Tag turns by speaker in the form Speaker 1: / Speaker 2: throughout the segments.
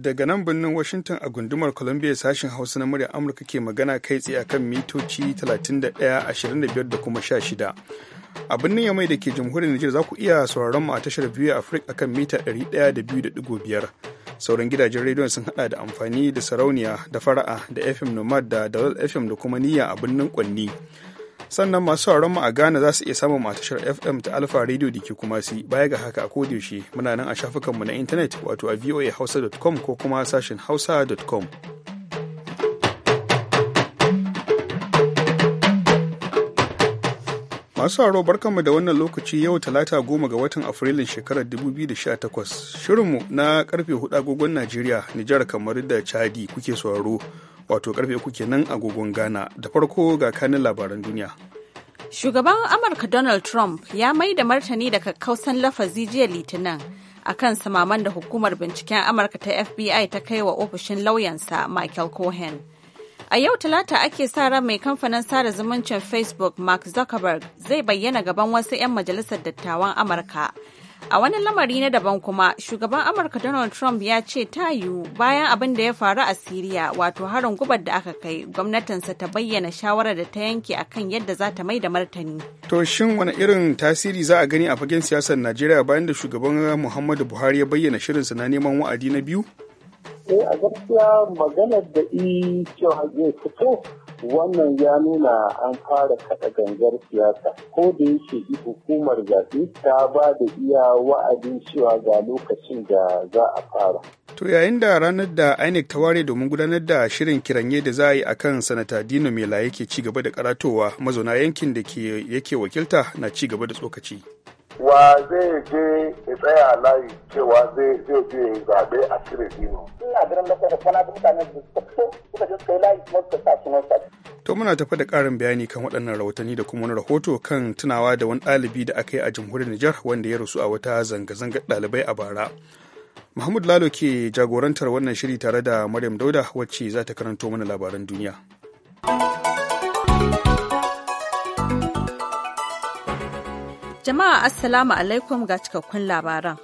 Speaker 1: daga nan birnin Washington a gundumar Columbia sashen Hausa na murya Amurka ke magana kai tsaye akan mitoci 31, 25 da kuma 16. A birnin Yamai da ke jamhuriyar Nijar za ku iya sauraron mu a tashar biyu Afirka akan mita 102.5. Sauran gidajen rediyon sun hada da amfani da sarauniya da fara'a da FM Nomad da Dalal FM da kuma niyya a birnin Kwanni. sannan masu sauraron mu a Ghana za su iya samun matashar FM ta Alpha Radio da ke kuma si baya ga haka a yaushe muna nan a shafukanmu na intanet wato a voahausa.com ko kuma sashen hausa.com. masu sauraro barkanmu da wannan lokaci yau talata goma ga watan afrilun shekarar 2018 mu na karfe hudu agogon najeriya nijar kamar da chadi kuke sauraro wato karfe kuke nan agogon ghana da farko ga kanin labaran duniya
Speaker 2: Shugaban Amurka Donald Trump ya mai da martani da kakkausan lafazi jiya Litinin a kan samaman da hukumar binciken Amurka ta FBI ta kai wa ofishin lauyansa Michael Cohen. A yau Talata ake sa ran mai kamfanin sada zumuncin Facebook Mark Zuckerberg zai bayyana gaban wasu 'yan majalisar dattawan Amurka A wani lamari na daban kuma, shugaban Amurka Donald Trump ya ce ta yiwu bayan abin da ya faru a Siriya wato harin gubar da aka kai gwamnatinsa ta bayyana shawarar da ta yanke akan yadda za ta mai da martani.
Speaker 1: To shin wani irin tasiri za a gani a fagen siyasar Najeriya bayan da shugaban Muhammadu Buhari ya bayyana shirinsa na neman wa'adi na biyu?
Speaker 3: Eh a gaskiya maganar da i cewa zai fito wannan ya nuna an fara kaɗa gangar siyasa ko da yake hukumar zaɓe ta ba da iya wa'adin cewa ga lokacin da za a fara
Speaker 1: to yayin da ranar da inec ta ware domin gudanar da shirin kiranye da za a yi akan sanata dino mela yake ci gaba da karatowa mazauna yankin da yake wakilta na ci gaba da tsokaci
Speaker 4: wa zai je ya tsaya layi cewa zai zai je zaɓe a cire dino. Ina ganin da kuma kwana da mutane da suka fito suka je suka yi layi kuma suka sa sunan
Speaker 1: To muna tafi da ƙarin bayani kan waɗannan rahotanni da kuma wani rahoto kan tunawa da wani ɗalibi da aka yi a jamhuriyar Nijar wanda ya rasu a wata zanga-zangar ɗalibai a bara. Mahmud Lalo ke jagorantar wannan shiri tare da Maryam Dauda wacce za ta karanto mana labaran duniya.
Speaker 2: Jama'a Assalamu alaikum ga cikakkun labaran.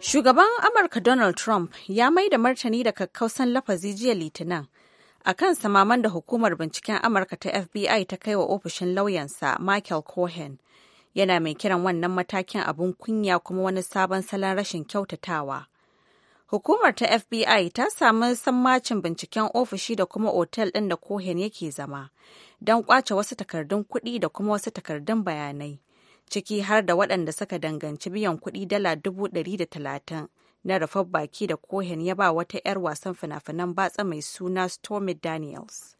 Speaker 2: Shugaban Amurka Donald Trump ya mai da martani da kakkausan lafazi jiya Litinin a kan samaman da hukumar binciken Amurka ta FBI ta kai wa ofishin lauyansa Michael Cohen. Yana mai kiran wannan matakin abun kunya kuma wani sabon salon rashin kyautatawa. Hukumar ta FBI ta samu sammacin binciken ofishi da kuma otel ɗin da Cohen yake zama don kwace wasu takardun kuɗi da kuma wasu takardun bayanai. ciki har da waɗanda suka danganci biyan kuɗi dala dubu ɗari da talatin na rufar baki da kohen, ya ba wata 'yar wasan fina-finan batsa mai suna Stormy Daniels.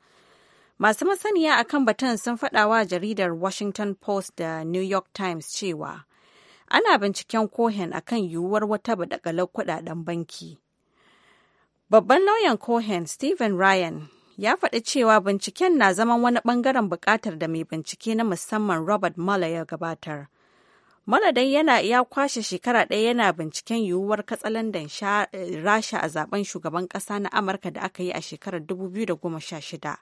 Speaker 2: Masu masaniya a kan batun sun faɗawa jaridar Washington Post da New York Times cewa ana binciken kohen a kan yiwuwar wata badakalar kuɗaɗen banki. Babban lauyan kohen, Stephen Ryan, ya faɗi cewa binciken na zaman wani ɓangaren buƙatar da mai bincike na musamman Robert Mueller ya gabatar. Mueller dai yana ya kwashe shekara ɗaya yana binciken yiwuwar katsalandan eh, Rasha a zaben shugaban ƙasa na Amurka da aka yi a shekarar 2016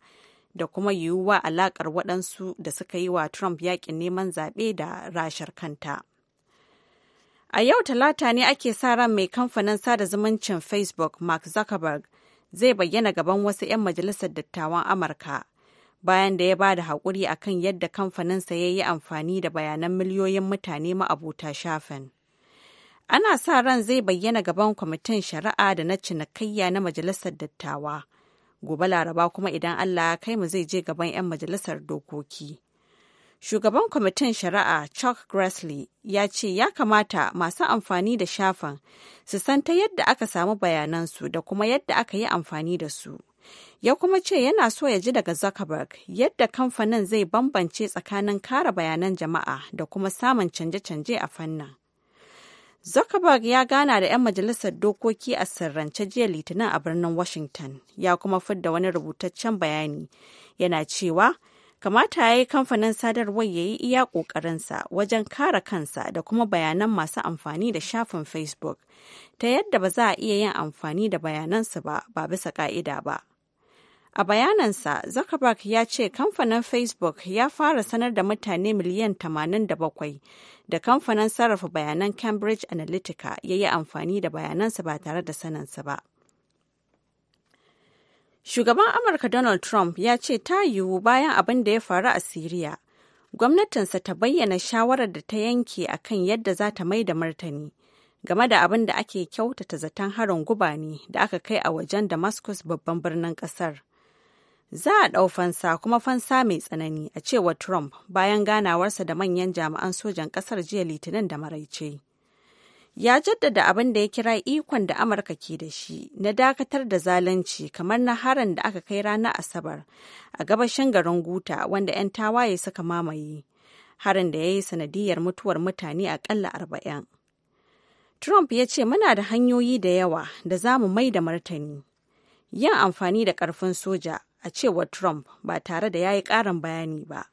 Speaker 2: da kuma yiwuwa alaƙar waɗansu da suka yi wa Trump yaƙin neman zaɓe da Rashar kanta. A yau Talata ne ake sa ran mai kamfanin sada zumuncin Facebook Mark Zuckerberg zai bayyana gaban wasu 'yan majalisar dattawan Amurka bayan da ya ba da haƙuri a kan yadda kamfaninsa ya yi amfani da bayanan miliyoyin mutane ma'abuta shafin. Ana sa ran zai bayyana gaban kwamitin shari'a da na cinikayya na majalisar dattawa. Gobe Laraba kuma idan Allah ya kai mu zai je gaban 'yan majalisar dokoki. Shugaban kwamitin shari'a Chuck Grassley ya ce ya kamata masu amfani da shafan su san ta yadda aka samu bayanansu da kuma yadda aka yi amfani da su. Ya kuma ce yana so ya ji daga Zuckerberg yadda kamfanin zai bambance tsakanin kara bayanan jama'a da kuma samun canje-canje a fannin. Zuckerberg ya gana da 'yan majalisar dokoki a sirrance jiya litinin a birnin Washington, ya kuma fidda wani rubutaccen bayani yana cewa kamata ya yi kamfanin sadarwar ya yi iya ƙoƙarinsa wajen kare kansa da kuma bayanan masu amfani da shafin facebook ta yadda ba za a iya yin amfani da bayanansu ba ba bisa ƙa'ida ba a bayanansa zuckerberg ya ce kamfanin facebook ya fara sanar da mutane miliyan 87 da kamfanin sarrafa bayanan cambridge analytica ya yi amfani da bayanansa ba tare da saninsa ba Shugaban Amurka Donald Trump ya ce ta yiwu bayan abin da ya faru a Siriya. Gwamnatinsa ta bayyana shawarar da ta yanke a kan yadda za ta mai da martani game da abin da ake kyautata zaton harin gubani da aka kai a wajen Damascus babban birnin ƙasar. Za a ɗau fansa kuma fansa mai tsanani a cewa Trump bayan ganawarsa da manyan jami'an sojan ƙasar jiya Litinin da maraice. ya jaddada abin da ya kira ikon da amurka ke da shi na dakatar da zalunci kamar na harin da aka kai ranar asabar a gabashin garin guta wanda 'yan tawaye suka mamaye harin da ya yi sanadiyar mutuwar mutane akalla arba'in trump ya ce muna da hanyoyi da yawa da za mu mai da martani yin amfani da ƙarfin soja a cewar trump ba tare da ya yi karin bayani ba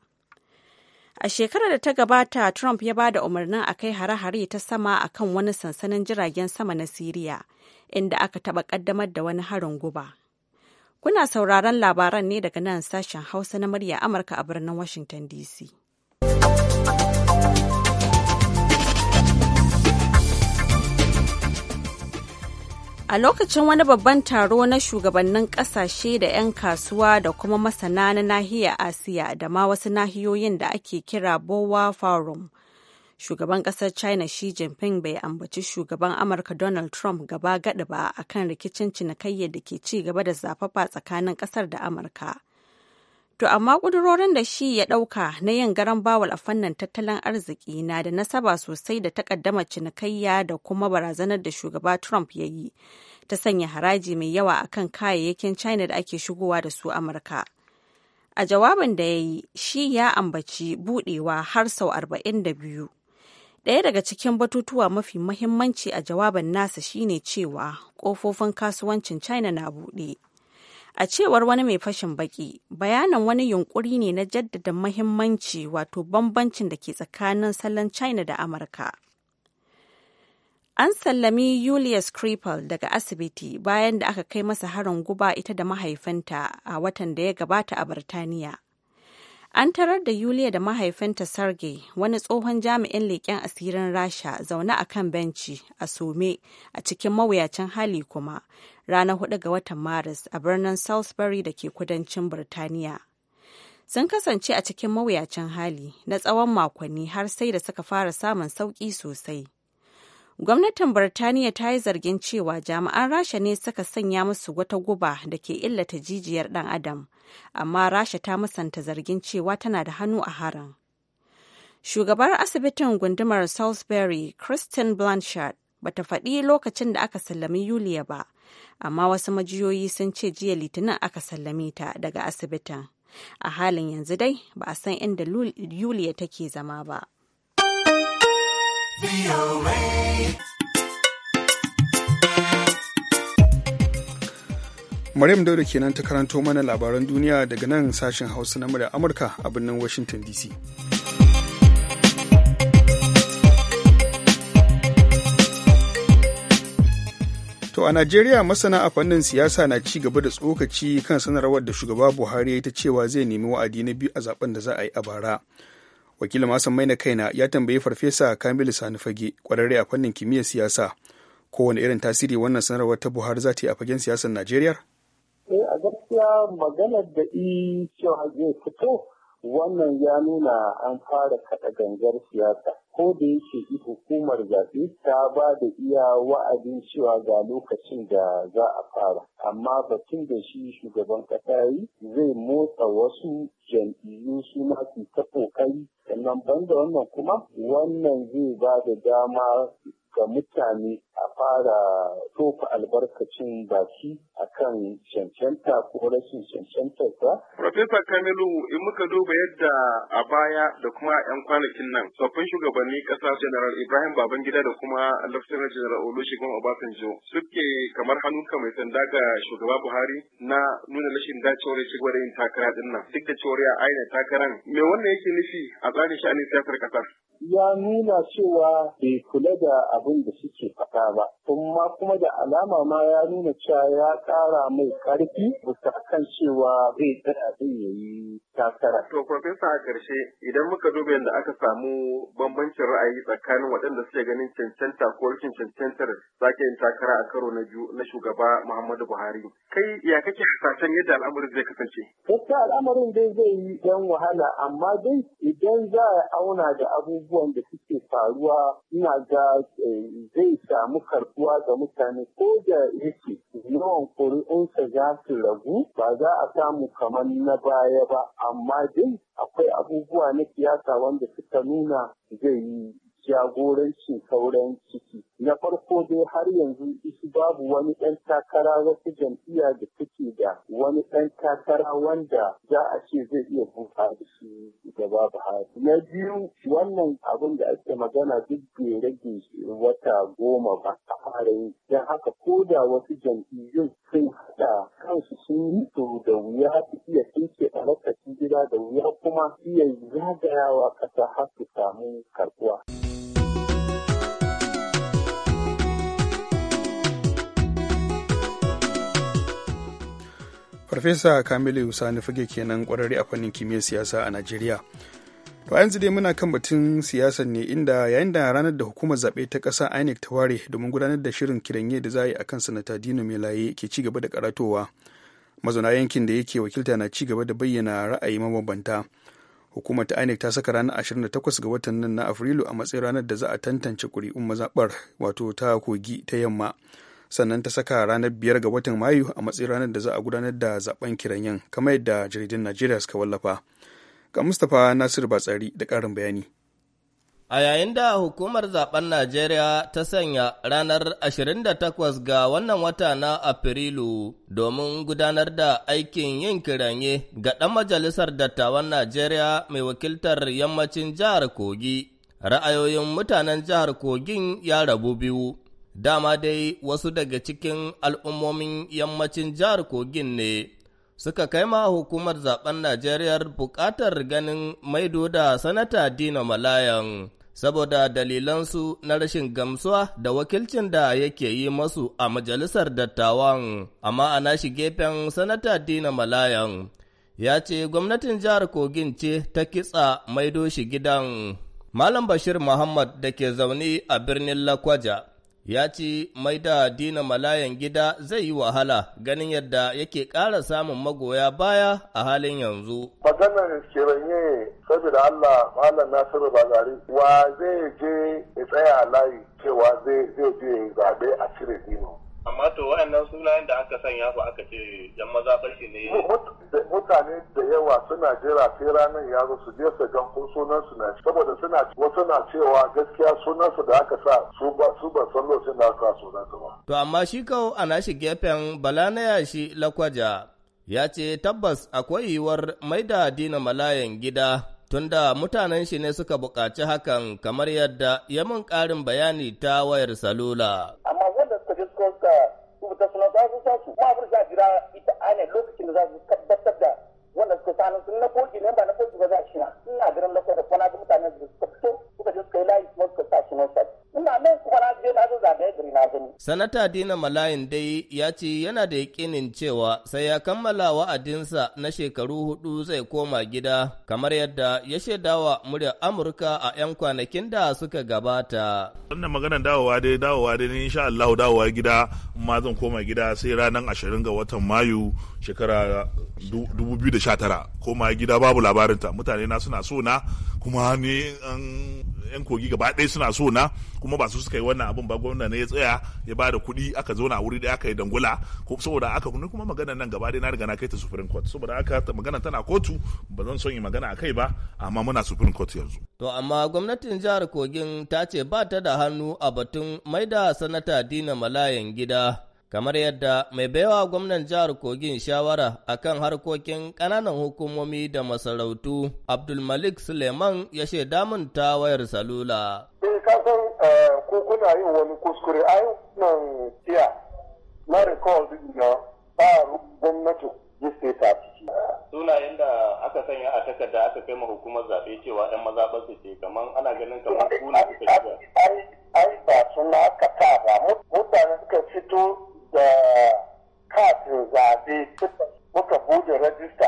Speaker 2: A shekarar da ta gabata, Trump ya ba da umarnin a kai hare-hare ta sama a kan wani sansanin jiragen sama na Siriya, inda aka taɓa ƙaddamar da wani harin guba. Kuna sauraron labaran ne daga nan sashen Hausa na murya Amurka a birnin Washington DC. A lokacin wani babban taro na shugabannin kasashe da 'yan kasuwa da kuma masana na nahiyar Asiya da ma wasu nahiyoyin da ake kira Bowa Forum. Shugaban kasar China Xi Jinping bai ambaci shugaban Amurka Donald Trump gaba gaɗi ba a kan rikicin cinikayya da ke ci gaba da zafafa tsakanin kasar da Amurka. To amma ƙudurorin da shi ya ɗauka na yin garan bawal a fannin tattalin arziki na da nasaba sosai da takaddama cinikayya da kuma barazanar da shugaba Trump ya yi ta sanya haraji mai yawa akan kayayyakin China da ake shigowa da su Amurka. A jawabin da ya yi, shi ya ambaci budewa har sau arba'in da biyu. Ɗaya daga cikin batutuwa mafi mahimmanci a jawabin nasa shine cewa ƙofofin kasuwancin China na buɗe. A cewar wani mai fashin baki, bayanan wani yunkuri ne na jaddada mahimmanci wato bambancin da ke tsakanin salon China da Amurka. An sallami Julius Kripal daga asibiti bayan da aka kai masa harin guba ita da mahaifinta a watan da ya gabata a Birtaniya. An tarar da Yuliya da mahaifinta Sergey, wani tsohon jami'in leƙen asirin Rasha zaune a kan benci a Some a cikin mawuyacin hali kuma ranar 4 ga watan Maris a birnin Salisbury da ke kudancin Birtaniya. Sun kasance a cikin mawuyacin hali na tsawon makonni har sai da suka fara samun sauƙi sosai. Gwamnatin Birtaniya ta yi zargin cewa jami'an Rasha ne suka sanya musu wata guba da ke illata jijiyar ɗan Adam, amma Rasha ta musanta zargin cewa tana da hannu a harin. Shugabar asibitin gundumar Salisbury, Kristen Blanchard, bata faɗi lokacin da aka sallami Yuliya ba, amma wasu majiyoyi sun ce jiya Litinin aka sallame ta daga asibitin. A halin yanzu dai ba a san inda Yuliya take zama ba.
Speaker 1: Maryam Dauda kenan ta karanto mana labaran duniya daga nan sashen Hausa na murya Amurka a birnin Washington DC. To a Najeriya masana a fannin siyasa na ci gaba da tsokaci kan sanarwar da shugaba Buhari ya ta cewa zai nemi wa'adi na biyu a zaben da za a yi a bara. wakilin masan mai maina kaina ya tambayi farfesa kamilu sani fage kwararre a fannin kimiyyar siyasa kowane irin tasiri wannan sanarwar ta buhari za ta yi a fagen siyasar najeriya
Speaker 3: eh a gaskiya maganar da i cewa zai fito wannan ya nuna an fara kada gangar siyasa ko da yake hukumar zaɓe ta ba da iya wa'adin cewa ga lokacin da za a fara amma batun da shi shugaban ƙasa yi zai motsa wasu jam'iyyu su ta kokari sannan banda wannan kuma wannan zai ba da dama ga mutane a fara tofa albarkacin baki akan cancanta ko rashin cancantarsa. Profesa Kamilu in muka duba yadda a baya da kuma 'yan kwanakin nan tsoffin shugabanni ƙasa General Ibrahim Babangida da kuma Laftanar General Olusegun Obasanjo suke kamar hannu mai sanda ga shugaba Buhari na nuna rashin dacewar shi gwada yin takara din duk da cewar ya aina takaran me wannan yake nufi a tsarin sha'anin siyasar ƙasar. ya nuna cewa bai kula da abin da suke faɗa ba kuma kuma da alama ma ya nuna cewa ya ƙara mai ƙarfi bisa kan cewa zai tsaya zai yayi takara. To, Profesa a ƙarshe idan muka duba yadda aka samu bambancin ra'ayi tsakanin waɗanda suke ganin cancanta ko rikin cancantar sake yin takara a karo na biyu na shugaba Muhammadu Buhari. Kai ya kake hasashen yadda al'amarin zai kasance? Yadda al'amarin dai zai yi ɗan wahala amma dai idan za a auna da abubuwan da suke faruwa ina ga eh, zai samu karɓuwa ga mutane ko da yake yawan ƙuri'unsa za su ragu ba za a samu kamar na baya ba amma dai akwai abubuwa na siyasa wanda suka nuna zai yi jagorancin sauran ciki na farko dai har yanzu isu babu wani ɗan takara wasu jam'iyya da take da wani ɗan takara wanda za a ce zai iya buka da shi gaba Buhari. Na biyu wannan abin da ake magana duk bai rage wata goma ba a fara yi. Don haka ko da wasu jam'iyyun sun haɗa kansu sun yi to da wuya su iya tsinke a lokacin gida da wuya kuma iya zagayawa ƙasa har su samu karɓuwa.
Speaker 1: farfesa kamilu sani fage kenan kwararre a fannin kimiyyar siyasa a najeriya to yanzu dai muna kan batun siyasa ne inda yayin da ranar da hukumar zaɓe ta ƙasa inec ta ware domin gudanar da shirin kiranye da za a yi akan sanata dino laye ke ci gaba da karatowa mazauna yankin da yake wakilta na ci gaba da bayyana ra'ayi mabambanta hukumar ta inec ta saka ranar takwas ga watan nan na afrilu a matsayin ranar da za a tantance kuri'un mazaɓar wato ta kogi ta yamma sannan ta saka ranar biyar ga watan mayu a matsayin ranar da za a gudanar da zaben yin kamar
Speaker 5: yadda jaridun najeriya suka wallafa ga mustapha nasir batsari da ƙarin bayani A yayin da hukumar zaben Najeriya ta sanya ranar 28 ga wannan wata na Afrilu domin gudanar da aikin yin kiranye ga ɗan majalisar dattawan Najeriya mai wakiltar yammacin jihar Kogi, ra'ayoyin mutanen jihar Kogin ya rabu biyu. Dama dai wasu daga cikin al'ummomin yammacin jihar Kogin ne suka kai ma hukumar zaben Najeriya buƙatar ganin maido da sanata Dina Malayan saboda dalilansu na rashin gamsuwa da wakilcin da yake yi masu a majalisar dattawan, amma a nashi gefen sanata Dina Malayan ya ce gwamnatin jihar Kogin ce ta kitsa maido shi gidan. Malam Bashir Muhammad da ke zaune a birnin Lakwaja ya ce mai da dina malayan gida zai yi wahala ganin yadda yake ƙara samun magoya baya a halin yanzu.
Speaker 6: Maganar kiranye saboda Allah Malam Nasiru bazari
Speaker 3: wa zai je ya tsaya layi cewa zai je zaɓe a cire
Speaker 5: dino. amma to wa'annan sunayen da aka sanya su aka ce yan maza fashi ne
Speaker 6: mutane da yawa suna jira sai ranar ya zo su je su ga ko sunan su na saboda suna wasu na cewa gaskiya sunan su da aka sa su ba su ba san lokacin da aka sunan su ba
Speaker 5: to amma shi kawo a nashi gefen bala na yashi lakwaja ya ce tabbas akwai yiwuwar mai da dina malayan gida tunda mutanen shi ne suka buƙaci hakan kamar yadda ya mun ƙarin bayani ta wayar salula.
Speaker 6: ne lokacin da za su tabbatar da wanda suka sanin sun na koki ne ba na koki ba za a shi na ina ganin na kogi kwana da mutanen da suka fito suka je suka yi layi kuma
Speaker 7: suka sa shi na. je ta zo zagaye gari na gani.
Speaker 5: Sanata Dina Malayin dai ya ce yana da yakinin cewa sai ya kammala wa'adinsa na shekaru hudu zai koma gida kamar yadda ya shaidawa muryar Amurka a 'yan kwanakin da suka gabata. Wannan maganar
Speaker 4: dawowa dai dawowa dai insha Allah dawowa gida ma zan koma gida sai ranar ashirin ga watan Mayu shekara 2019 koma gida babu labarinta mutane na suna so na kuma ne yan kogi gaba ɗaya suna so na kuma ba su suka yi wannan abin ba gwamna ne ya tsaya ya ba da kuɗi aka zo na wuri da aka yi dangula ko saboda aka kuma magana nan gaba ɗaya na riga na kai ta supreme court saboda aka magana tana kotu ba zan son yi magana a kai ba amma muna supreme court yanzu.
Speaker 5: to amma gwamnatin jihar kogin ta ce ba ta da hannu a batun maida sanata dina malayan gida kamar yadda mai baiwa gwamnan jihar Kogin shawara akan harkokin ƙananan hukumomi da masarautu Abdulmalik Suleiman ya shaida damun ta wayar salula. In eh, ka eh, ko kuna yin
Speaker 3: wani kuskure ai nan
Speaker 6: jiya
Speaker 4: na recall na ba gwamnati jiste ta ciki.
Speaker 5: Sunayen da aka sanya a takarda aka kai ma hukumar zaɓe cewa ɗan mazaɓar su ce kamar ana ganin kamar kuna suka shiga. Ai ba suna aka ta
Speaker 4: ba mutane suka fito da katin zaɓe muka buɗe rajista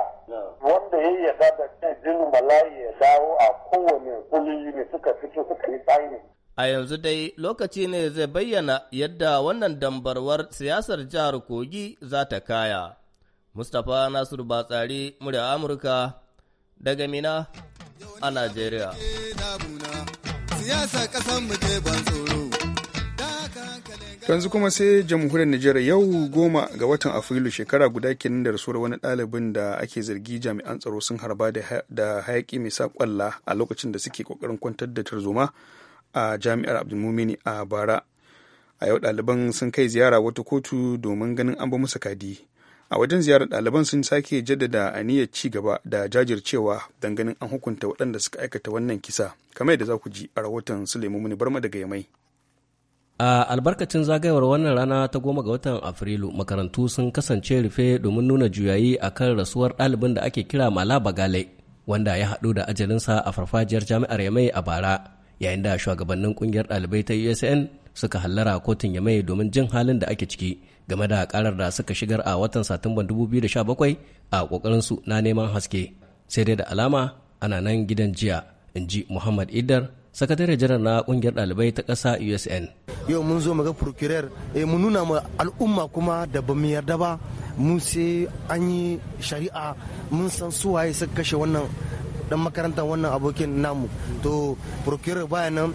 Speaker 4: wanda ya yarda da kan jinin malayi ya dawo a kowane
Speaker 3: kuliyi ne
Speaker 6: suka fito suka yi
Speaker 5: A yanzu dai lokaci ne zai bayyana yadda wannan dambarwar siyasar jihar Kogi za ta kaya. Mustapha Nasiru Batsari, murya Amurka, daga Mina a Najeriya. siyasar ƙasar mu ke ban tsoro.
Speaker 1: yanzu kuma sai jamhuriyar Nijar yau goma ga watan Afrilu shekara guda kenan da rasuwar wani ɗalibin da ake zargi jami'an tsaro sun harba da hayaƙi mai saƙwalla a lokacin da suke kokarin kwantar da tarzoma a jami'ar Abdulmumini a bara. A yau ɗaliban sun kai ziyara wata kotu domin ganin an ba musu kadi. A wajen ziyarar ɗaliban sun sake jaddada aniyar ci gaba da jajircewa don ganin an hukunta waɗanda suka aikata wannan kisa, kamar yadda za ku ji a rahoton Suleiman Muni Barma daga Yamai.
Speaker 7: A albarkacin zagayowar wannan rana ta goma ga watan Afrilu makarantu sun kasance rufe domin nuna juyayi a kan rasuwar ɗalibin da ake kira Mala Bagale wanda ya haɗu da ajalinsa a farfajiyar jami'ar Yamai a bara yayin da shugabannin ƙungiyar ɗalibai ta USN suka hallara kotun Yamai domin jin halin da ake ciki game da karar da suka shigar a watan Satumban 2017 a ƙoƙarinsu na neman haske sai dai da alama ana nan gidan jiya in ji Muhammad Idar sakatare janar na kungiyar dalibai ta ƙasa usn yau mun zo maga procureur e eh, mun nuna ma al'umma kuma da ba mu yarda ba mun sai an yi shari'a mun san suwaye suka kashe wannan dan makarantar wannan abokin namu to procureur baya nan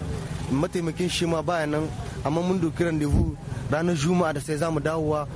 Speaker 7: mataimakin shi ma baya nan amma mun doki rendezvous ranar juma'a da sai zamu mu dawowa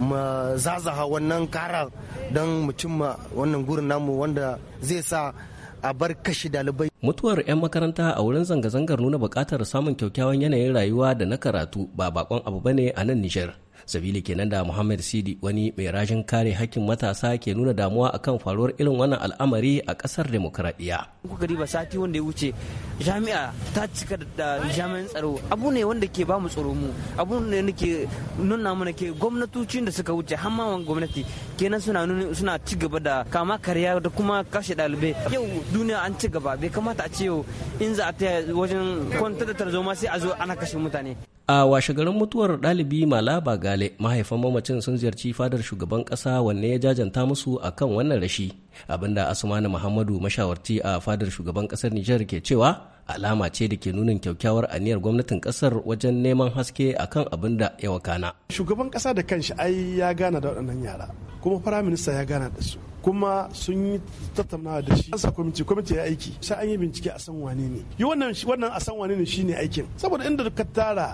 Speaker 7: ma zazaha wannan kara don mu cimma wannan gurin namu wanda zai sa a bar kashi dalibai. Mutuwar 'yan makaranta a wurin zanga-zangar nuna buƙatar samun kyakkyawan yanayin rayuwa da na karatu ba bakon abu bane a nan Nijar. sabili kenan da muhammad sidi wani mai rajin kare hakkin matasa ke nuna damuwa akan faruwar irin wannan al'amari a kasar ku gari ba sati wanda ya wuce jami'a ta cika da jami'an tsaro abu ne wanda ke bamu tsaro mu abu ne wanda ke nuna mana ke gwamnatocin da suka wuce har ma gwamnati kenan suna nuna suna ci gaba da kama karya da kuma kashe dalibai yau duniya an ci gaba bai kamata a ce yau in za a ta wajen kwantar da tarzoma sai a zo ana kashe mutane a washegarin mutuwar ɗalibi malaba gale mahaifan mamacin sun ziyarci fadar shugaban ƙasa wanne ya jajanta musu a kan wannan rashi abinda asmanu muhammadu mashawarci a fadar shugaban kasar nijar ke cewa alama ce da ke nunin kyaukyawar aniyar gwamnatin ƙasar wajen neman haske akan abin da ya wakana
Speaker 4: shugaban ƙasa da kanshi ai ya gana da waɗannan yara kuma firaminista ya gana da su kuma sun yi tattaunawa da shi an sa kwamiti kwamiti ya aiki sai an yi bincike a san wane ne yi wannan wannan a san wane ne shine aikin saboda inda ka tara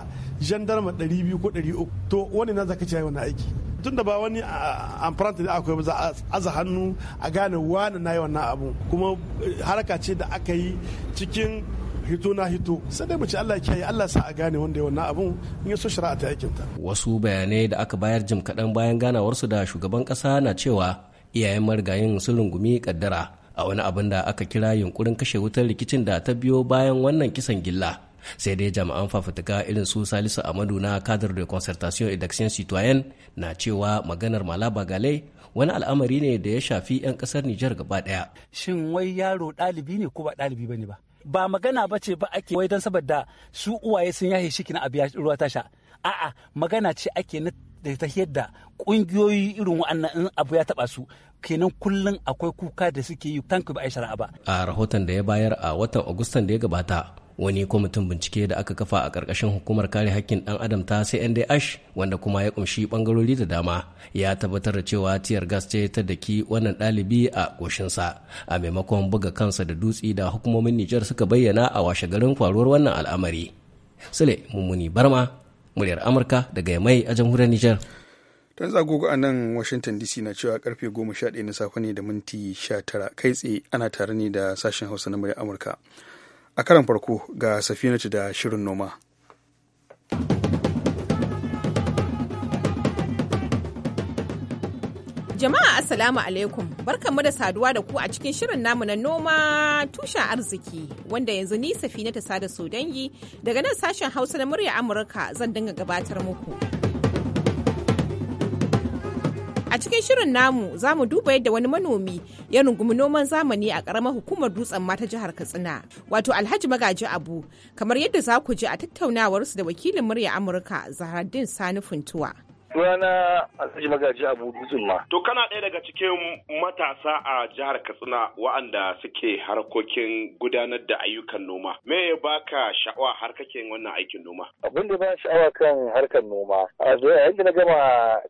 Speaker 4: jandarma 200 ko 300 to wani na zaka ci wani aiki tunda ba wani amfaranta da akwai ba za a aza hannu a gane wani na yi wannan abu kuma eh, haraka ce da aka yi cikin hito na hito sai dai mace Allah kiyaye Allah sa a gane wanda ya wannan abun in ya so shari'a ta yakinta
Speaker 7: wasu bayanai da aka bayar jim kaɗan bayan ganawarsu da shugaban ƙasa na cewa iyayen marigayin sun rungumi kaddara a wani abin da aka kira yunkurin kashe wutar rikicin da ta biyo bayan wannan kisan gilla sai dai jami'an fafutuka irin su salisu amadu na kadar de concertation et d'action citoyen na cewa maganar malaba gale wani al'amari ne da ya shafi 'yan kasar nijar gaba daya shin wai yaro dalibi ne ko ba dalibi bane ba ba magana ba ce ba ake wai don saboda su uwaye sun yahe shi kina abiya ruwa tasha a'a magana ce ake na da ta yadda kungiyoyi irin wa'annan in abu ya taɓa su kenan kullum akwai kuka da suke yi tanku ba a shari'a ba a rahoton da ya bayar a watan agustan da ya gabata wani kwamitin bincike da aka kafa a ƙarƙashin hukumar kare haƙƙin ɗan adam ta cndh wanda kuma ya ƙunshi ɓangarori da dama ya tabbatar da cewa tiyar gas ce ta daki wannan ɗalibi a ƙoshinsa a maimakon buga kansa da dutsi da hukumomin nijar suka bayyana a washe garin faruwar wannan al'amari sule mummuni barma muryar amurka daga mai a jamhuriyar niger
Speaker 1: tun zagogo a nan washington dc na cewa karfe 11 na safe ne da minti 19 kai tsaye ana tare ne da sashen hausa na muryar amurka a karan farko ga safinatu da shirin noma
Speaker 8: Jama'a Assalamu alaikum barkanmu da saduwa da ku a cikin shirin namu na noma tushen arziki wanda yanzu ni safina ta sada su dangi daga nan sashen hausa na murya Amurka zan dinga gabatar muku. A cikin shirin namu za mu duba yadda wani manomi ya rungumi noman zamani a ƙaramar hukumar dutsen mata jihar Katsina, wato Alhaji Magaji Abu, kamar yadda za ku ji a tattaunawarsu da wakilin murya Amurka Zahraddin Sani Funtuwa.
Speaker 4: Sunana Alhaji Magaji Abu Dutsunma. To kana ɗaya daga cikin matasa a jihar Katsina wa'anda suke harkokin gudanar da ayyukan noma. Me ya baka sha'awa har kake wannan aikin noma?
Speaker 6: Abin da ba sha'awa kan harkar noma. A yayin da na gama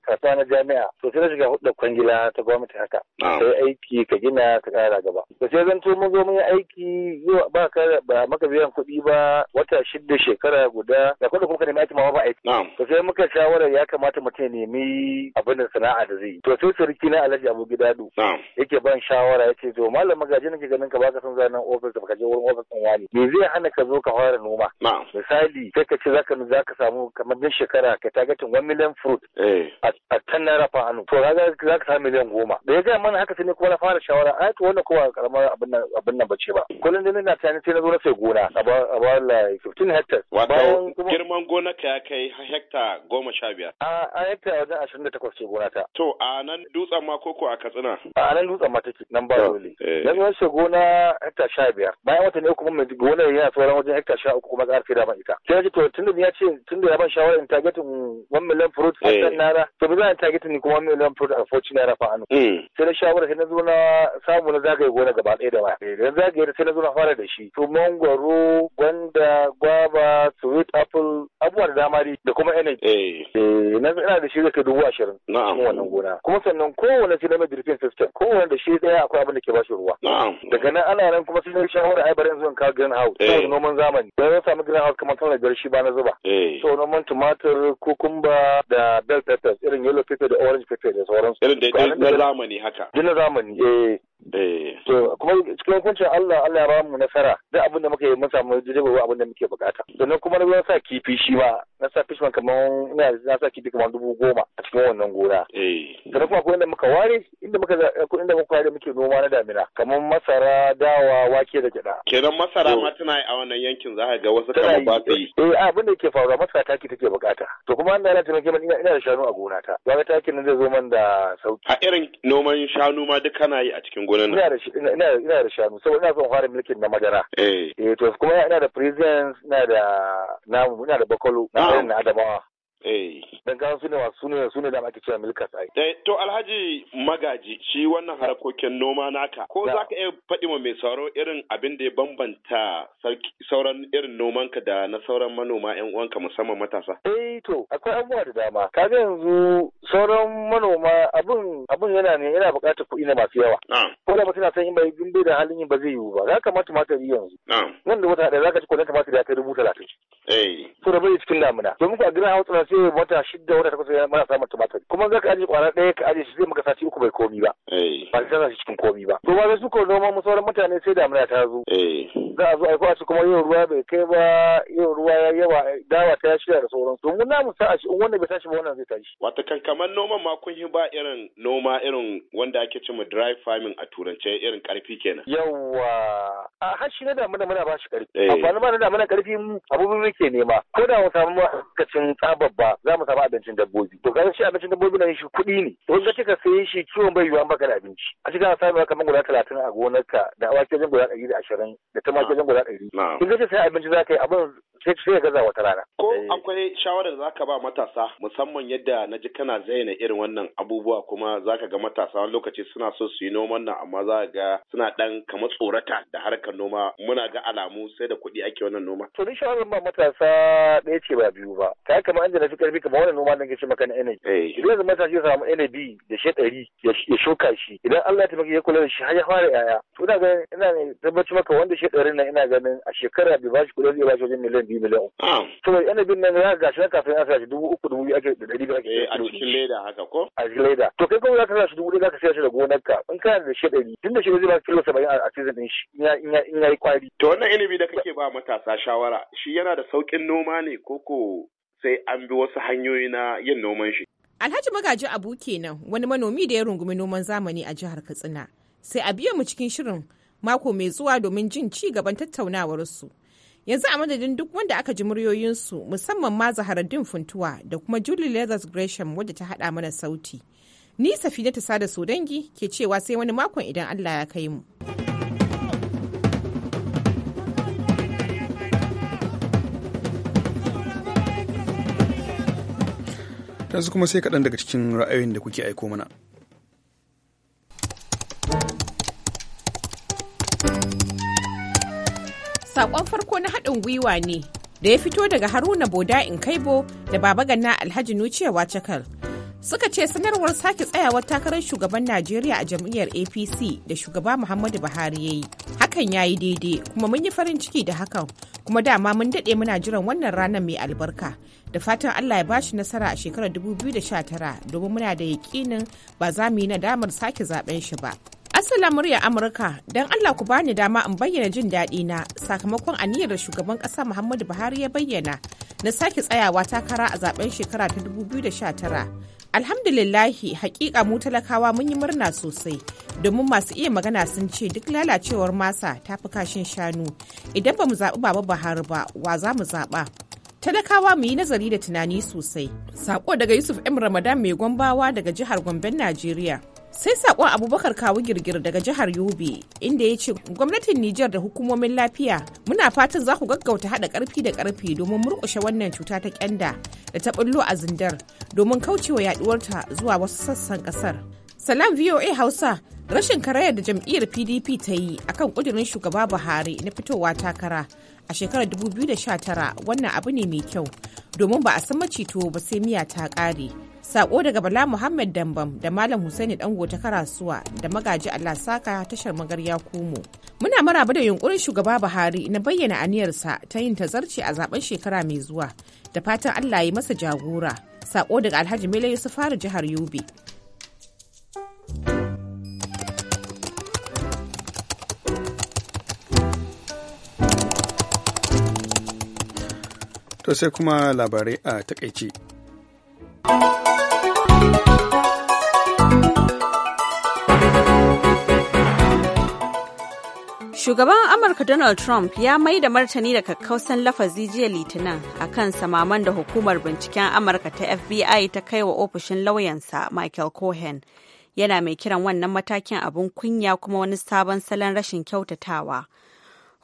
Speaker 6: kasuwa na jami'a, to sai na shiga hudu kwangila ta gwamnati haka. Sai aiki ka gina ka ƙara gaba. To sai zan mun zo mun yi aiki zuwa ba ka ba maka biyan kuɗi ba wata shida shekara guda da kuma ka nemi aiki ma ba aiki. To sai muka shawara ya kamata mu mutum nemi abin da sana'a da zai yi to sai surki na alhaji abu gidadu yake ban shawara yace to malam magaji nake ganin ka baka son zanen ofis ka je wurin office din wani me zai hana ka zo ka fara noma misali sai ka ce zaka zaka samu kamar din shekara ka tagatin 1 million fruit Eh. a tan naira fa hannu to kaga zaka samu miliyan goma da ya ga mana haka sai ne kuma na fara shawara ai to wannan kowa karamar abin nan abin nan bace ba kullun da na tani sai na zo na sai gona a ba a
Speaker 4: 15 hectares wato girman gona ka kai hekta goma sha biyar a hekta wajen ashirin da takwas ce gona ta. To a nan dutsen ma koko a Katsina? A nan dutsen ma take nan
Speaker 3: ba wuli. Yanzu
Speaker 6: wani ce gona
Speaker 4: hekta sha biyar. Bayan
Speaker 6: watanni uku mai gona yana sauran wajen hekta sha uku kuma ƙarfi da ban ita. Sai yanzu to tun da ya ce tun da ya ban shawara in targetin one million fruit a can eh. naira. To ba za in targetin ni kuma one million fruit a forty naira fa anu. Hmm. Sai na shawara sai na zo na samu na zagaye gona gaba ɗaya da waya. Idan eh, zagaye sai na zo na fara da shi. To mangwaro, gwanda, gwaba, sweet apple, abubuwa da dama da kuma energy. Eh. eh na yana da shi zai kai dubu ashirin cikin wannan gona kuma sannan kowane sai na jirgin system kowane da shi daya akwai abin da ke bashi ruwa daga nan ana nan kuma sun yi shawara ai bari yanzu in kawo green house eh. saboda noman zamani dan ya samu green house kamar tana biyar shi ba na zuba eh. so noman tumatir kukumba da bell peppers irin yellow pepper da orange pepper da sauransu irin da zamani
Speaker 4: haka na zamani eh
Speaker 3: To eh. kuma
Speaker 6: cikin hukuncin Allah Allah ya ba mu nasara duk abin da muka yi mun samu jirgin abin da muke bukata. Sannan kuma na sa kifi shi ma na sa fishman kamar ina na sa kifi kamar dubu
Speaker 4: goma a cikin wannan gona. Eh. Sannan kuma
Speaker 6: akwai inda muka ware inda muka inda muka ware muke noma na damina kamar masara dawa wake da gyada. Kenan masara ma
Speaker 4: tana yi a wannan yankin za ka ga wasu kamar ba ta yi. Eh abin da yake faruwa masara taki take bukata.
Speaker 6: To kuma Allah ya taimake min ina da shanu a gona ta. Ga takin nan zai zo man da sauki. A irin noman shanu ma duk kana yi a cikin gonan nan. Ina da shanu saboda ina son fara milkin na madara.
Speaker 3: Eh. eh to kuma
Speaker 6: ina da presence
Speaker 4: ina da namu ina da bakalo. Ah, لان عدم آه. Eh. Dan kawo su ne masu ne su ne da ake cewa milkas ai. Eh to Alhaji Magaji shi wannan harkokin noma naka ko za ka iya faɗi ma mai sauro irin abin da ya bambanta sauran irin nomanka da na sauran manoma ƴan uwanka musamman matasa. Eh to akwai abubuwa da dama. Ka ga
Speaker 6: yanzu sauran manoma abun
Speaker 4: abun yana ne yana buƙatar kuɗi na masu yawa.
Speaker 6: Ko da mutum na son in bai in bai da halin yin ba zai yiwu ba. Za ka ma tumatiri yanzu. Nan da wata ɗaya za ka ci kuɗin da ya kai dubu talatin. Eh. So da bai cikin damina. Domin ku a gidan hausa ce wata shidda wata takwas yana mara samun tumatir kuma zaka aje kwana ɗaya ka aje shi zai maka sati uku bai komi ba eh. ba ka sa shi cikin komi ba to ba zai suka noma mu sauran mutane sai damuna ta zo eh. za a zo aiko a su kuma yau ruwa bai kai
Speaker 4: ba yau ruwa ya yawa dawa ta ya shirya da sauran su mun namu sa shi in wannan bai tashi ba wannan zai tashi wata kan kamar noman ma kun yi ba irin noma irin wanda ake cewa dry farming a turance irin karfi kenan
Speaker 6: yawa a hashi na damuna muna ba shi karfi eh. amfanin ba na damuna karfi abubuwan ke nema ko da mu samu lokacin tsababba ba za mu samu abincin dabbobi to ganin shi abincin dabbobi na shi kuɗi ne to ga kika sai shi ciwon bai yiwuwa baka da abinci a cikin a samu kamar guda
Speaker 4: talatin a gonarka da awaki wajen guda ɗari da ashirin da
Speaker 6: tumaki wajen guda
Speaker 3: ɗari kin
Speaker 4: ga sai abinci za ka yi abin
Speaker 6: sai sai gaza wata rana
Speaker 4: ko eh. akwai shawarar da ka ba matasa musamman yadda na ji kana zaina irin wannan abubuwa kuma zaka ga matasa wani lokaci suna so su yi noman nan amma za ga suna dan kamar tsorata da harkar noma muna ga alamu sai da kuɗi ake wannan noma to ni shawarar ba matasa ɗaya ce ba biyu ba ta kamar an na fi karfi kamar wannan noma da ke ce maka na
Speaker 6: inabi
Speaker 3: eh. idan yanzu
Speaker 6: matashi ya samu inabi da shi ɗari ya shuka shi idan Allah ya taimaka ya kula da shi har ya fara yaya to ina ganin ina ne tabbaci maka wanda shi ɗari nan ina ganin a shekara bai ba shi kuɗi zai ba shi wajen miliyan biyu miliyan uku ah. to inabin nan ya ga shi na kafin an sa shi dubu uku dubu biyu ake da ɗari biyu ake eh, a cikin
Speaker 4: leda haka ko a cikin leda to
Speaker 6: kai kuma za ka sa shi dubu ɗaya za ka siya shi da gonar ka in kana da shi ɗari tun da shi zai ba kilo saba'in a season ɗin shi
Speaker 4: in ya yi kwari to wannan inabi da kake ba matasa shawara shi yana da sauƙin noma ne ko ko sai an bi wasu hanyoyi na yin noman shi.
Speaker 8: Alhaji Magaji Abu kenan wani manomi da ya rungumi noman zamani a jihar Katsina. Sai a biya mu cikin shirin mako mai zuwa domin jin ci gaban tattaunawar su Yanzu a madadin duk wanda aka ji muryoyinsu musamman ma Zaharaddin Funtuwa da kuma Julie Leathers Gresham wadda ta haɗa mana sauti. Ni safinata ta sada Sodangi ke cewa sai wani makon idan Allah ya kai mu. yanzu kuma
Speaker 1: sai kaɗan daga cikin ra'ayoyin da kuke aiko mana
Speaker 8: saƙon farko na haɗin gwiwa ne da ya fito daga haruna boda in kaibo da baba ganna alhaji nuciya wacakal suka ce sanarwar sake tsayawar takarar shugaban najeriya a jam'iyyar apc da shugaba muhammadu buhari ya yi hakan ya yi daidai kuma mun yi farin ciki da hakan kuma dama mun daɗe muna jiran wannan ranar mai albarka da fatan allah ya bashi nasara a shekarar 2019 domin muna da yaƙinin ba za mu yi nadamar sake zaben shi ba Assalamu murya Amurka, don Allah ku bani dama in bayyana jin daɗi na sakamakon aniyar da shugaban ƙasa Muhammadu Buhari ya bayyana na sake tsayawa takara a zaben shekara ta 2019. alhamdulillahi hakika mu talakawa mun yi murna sosai domin masu iya magana sun ce duk lalacewar masa ta fi kashin shanu idan ba mu zaɓi baba buhari ba wa za mu zaɓa talakawa mu yi nazari da tunani sosai Saƙo daga yusuf m ramadan mai gwambawa daga jihar gomben najeriya sai sakon abubakar kawu girgir daga jihar yobe inda ya ce gwamnatin nijar da hukumomin lafiya muna fatan za ku gaggauta haɗa ƙarfi da karfi domin murƙushe wannan cuta ta kyanda da ta ɓullo a zindar domin kaucewa yaɗuwarta zuwa wasu sassan ƙasar salam voa hausa rashin karayar da jam'iyyar pdp ta yi akan ƙudurin shugaba buhari na fitowa takara a shekarar 2019 wannan abu ne mai kyau domin ba a san macito ba sai miya ta kare. Sako daga Bala Muhammad Dambam da Malam Husaini Dango ta Karasuwa da magaji Allah Saka tashar magarya komo Muna maraba da yunkurin shugaba Buhari na bayyana aniyarsa ta yin tazarci a zaben shekara mai zuwa da fatan Allah ya masa jagora. Sako daga Alhaji Mele Yusuf fara jihar Yobe.
Speaker 1: To sai kuma labarai a takaice.
Speaker 2: Shugaban Amurka Donald Trump ya mai da martani da kakkausan lafazi jiya Litinin a kan samaman da hukumar binciken Amurka ta FBI ta kai wa ofishin lauyansa Michael Cohen. Yana mai kiran wannan matakin abin kunya kuma wani sabon salon rashin kyautatawa.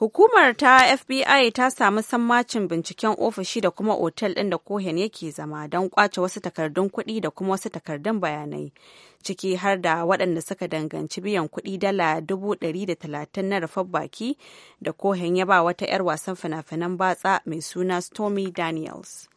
Speaker 2: Hukumar ta FBI ta samu sammacin binciken ofishi da kuma otel ɗin da Cohen yake zama don kwace wasu takardun kuɗi da kuma wasu takardun bayanai, ciki har da waɗanda suka danganci biyan kuɗi dala dubu ɗari da 130 na rufar baki da Cohen ya ba wata 'yar wasan fina-finan batsa mai suna Stormy Daniels.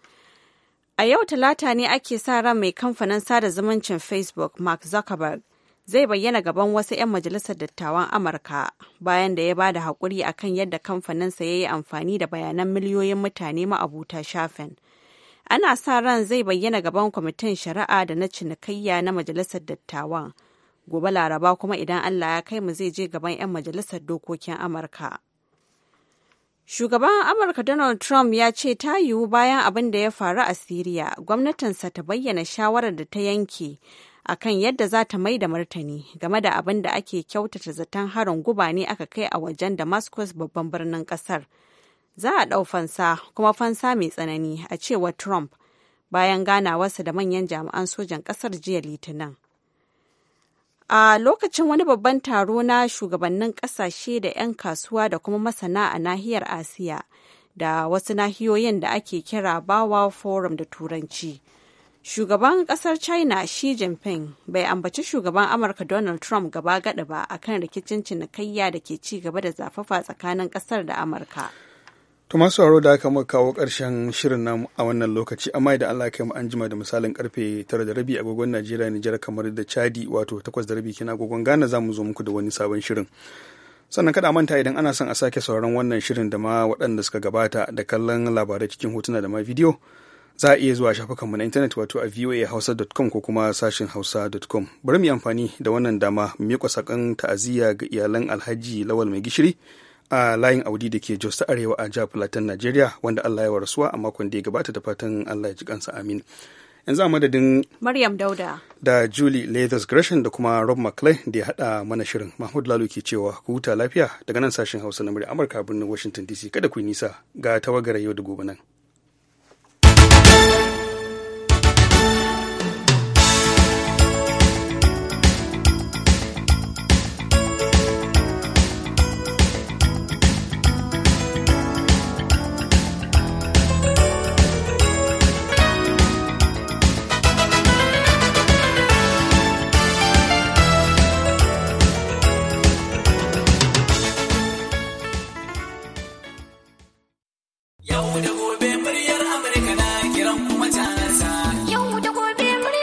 Speaker 2: A yau talata ne ake sa ran mai kamfanin sada zumuncin Facebook Mark Zuckerberg zai bayyana gaban wasu 'yan majalisar dattawan amurka bayan da ya ba da haƙuri a kan yadda kamfaninsa ya yi amfani da bayanan miliyoyin mutane ma'abuta shafin ana sa ran zai bayyana gaban kwamitin shari'a da na cinikayya na majalisar dattawan gobe laraba kuma idan allah ya kai mu zai je gaban 'yan majalisar dokokin amurka Shugaban Amurka Donald Trump ya ce ta yiwu bayan abin da ya faru a Siriya, gwamnatinsa ta bayyana shawarar da ta yanke akan yadda za ta mai da martani game da abin da ake kyautata zaton harin guba ne aka kai a wajen damascus babban birnin kasar za a ɗau fansa kuma fansa mai tsanani a cewa trump bayan ganawarsa da manyan jami'an sojan kasar jiya litinin a lokacin wani babban taro na shugabannin kasashe da 'yan kasuwa da kuma masana a nahiyar asiya da wasu nahiyoyin da ake kira bawa forum da turanci Shugaban kasar China Xi Jinping bai ambaci shugaban Amurka Donald Trump gaba gada ba akan rikicin cinikayya da ke ci gaba da zafafa tsakanin kasar da Amurka.
Speaker 1: To masu da aka muka kawo karshen shirin namu a wannan lokaci amma da Allah kai mu an jima da misalin karfe tara da rabi agogon Najeriya Nijar kamar da Chadi wato takwas da rabi kina agogon Ghana za mu zo muku da wani sabon shirin. sannan kada manta idan ana son a sake sauran wannan shirin da ma waɗanda suka gabata da kallon labarai cikin hotuna da ma bidiyo za a iya zuwa shafukanmu na intanet wato a voahausa.com ko kuma sashin hausa.com bari mu yi amfani da wannan dama mu miƙa saƙon ta'aziyya ga iyalan alhaji lawal mai gishiri a layin audi da ke jos ta arewa a jihar plateau nigeria wanda allah ya wa rasuwa a makon da ya gabata da fatan allah ya ji kansa amin yanzu a madadin
Speaker 2: maryam dauda
Speaker 1: da julie leathers gresham da kuma rob mcclay da ya haɗa mana shirin mahmud lalo ke cewa ku huta lafiya daga nan sashen hausa na murya amurka birnin washington dc kada ku nisa ga tawagar yau da gobe nan